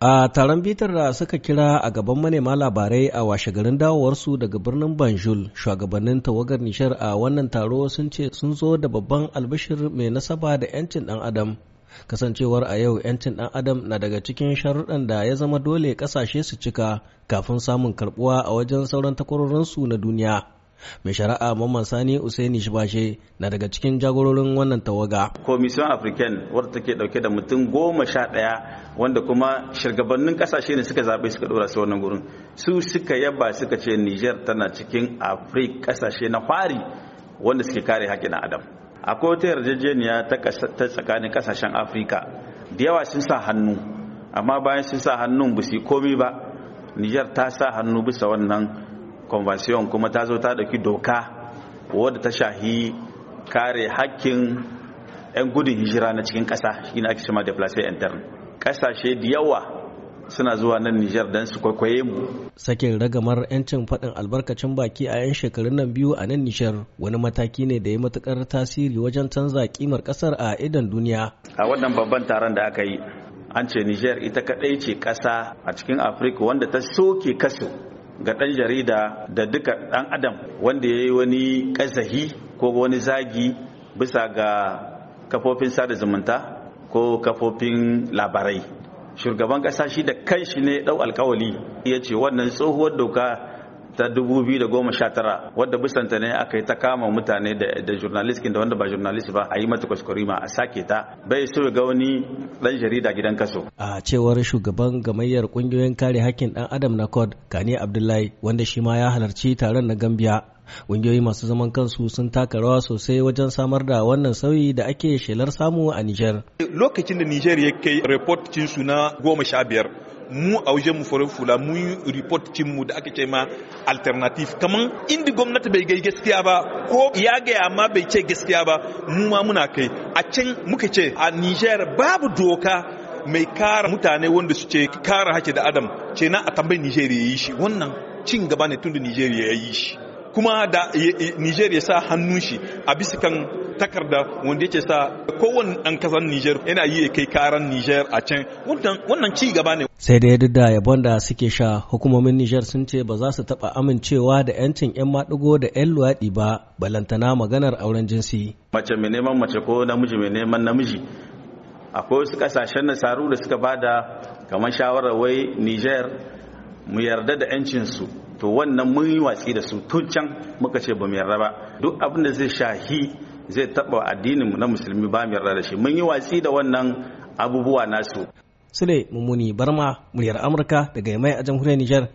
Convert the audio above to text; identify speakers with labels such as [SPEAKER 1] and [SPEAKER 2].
[SPEAKER 1] A taron bitar da suka kira a gaban manema labarai a washegarin dawowarsu daga birnin Banjul, shugabannin tawagar nishar a wannan taro sun ce sun zo da babban albishir mai nasaba da 'yancin ɗan adam. Kasancewar a yau 'yancin dan adam na daga cikin sharuɗan da ya zama dole ƙasashe su cika kafin samun karɓuwa a wajen sauran takwarorinsu na duniya. Mai shari'a Mamman Sani Usaini Shibashe na daga cikin jagororin wannan tawaga.
[SPEAKER 2] Commission African wadda take dauke da mutum goma sha ɗaya wanda kuma shugabannin kasashe ne suka zaɓe suka ɗora su wannan gurin su suka yaba suka ce niger tana cikin Afirik kasashe na fari wanda suke kare haƙƙin adam akwai wata yarjejeniya ta tsakanin kasashen Afirika da yawa sun sa hannu amma bayan sun sa hannun ba su komi ba niger ta sa hannu bisa wannan convention kuma ta zo ta ɗauki doka wadda ta shahi kare haƙƙin 'yan gudun hijira na cikin ƙasa shi ne ake shima deplace intern ƙasashe da yawa suna zuwa nan Nijar don su kwaikwaye mu.
[SPEAKER 1] Sakin ragamar 'yancin faɗin albarkacin baki a 'yan shekarun nan biyu a nan Nijar wani mataki ne da ya matukar tasiri wajen canza kimar ƙasar a idon duniya.
[SPEAKER 2] A wannan babban taron da aka yi an ce Nijar ita kaɗai ce ƙasa a cikin Afirka wanda ta soke kaso ga ɗan jarida da duka ɗan adam wanda ya yi wani ƙazahi ko wani zagi bisa ga kafofin sada zumunta ko kafofin labarai shugaban kasa shi da kanshi ne ɗau alkawali ya ce wannan tsohuwar doka ta 2019 wadda bisanta ne aka yi ta kama mutane da jurnalist da wanda ba jurnalist ba a yi mata ma a sake ta bai so ga wani dan jarida gidan kaso
[SPEAKER 1] a cewar shugaban gamayyar kungiyoyin kare hakkin dan adam na code kane abdullahi wanda shi ma ya halarci taron na gambia ƙungiyoyi masu zaman kansu sun taka rawa sosai wajen samar da wannan sauyi da ake shelar samu a Nijar.
[SPEAKER 3] Lokacin da Nijar ya kai report cinsu na goma sha biyar, mu a wajen mu farin fula mu yi report cin mu da aka ce ma alternative kaman inda gwamnati bai gai gaskiya ba ko ya gaya ma bai ce gaskiya ba mu ma muna kai a can muka ce a Nijar babu doka mai kara mutane wanda su ce kara hake da adam ce na a tambayi Nijar ya yi shi wannan cin gaba ne tun da Nijar ya yi shi kuma da Niger ya sa hannun shi a bisa kan takarda wanda yake sa kowane ɗan kasar Nijar yana yi kai karan Niger a can wannan ci gaba ne.
[SPEAKER 1] Sai dai duk da yabon da suke sha hukumomin Nijar sun ce ba za su taɓa amincewa da 'yancin 'yan maɗigo da 'yan luwaɗi ba balantana maganar auren jinsi.
[SPEAKER 2] Mace mai neman mace ko namiji mai neman namiji akwai wasu ƙasashen nasaru da suka bada kamar shawarar wai Nijar mu yarda da 'yancinsu to wannan mun yi watsi da su tun can muka ce ba mu yarda ba duk abin da zai shahi zai taba addinin na musulmi ba mu yarda da shi mun yi watsi da wannan abubuwa nasu
[SPEAKER 1] sule mummuni barma muryar amurka daga yamai a jamhuriyar nijar.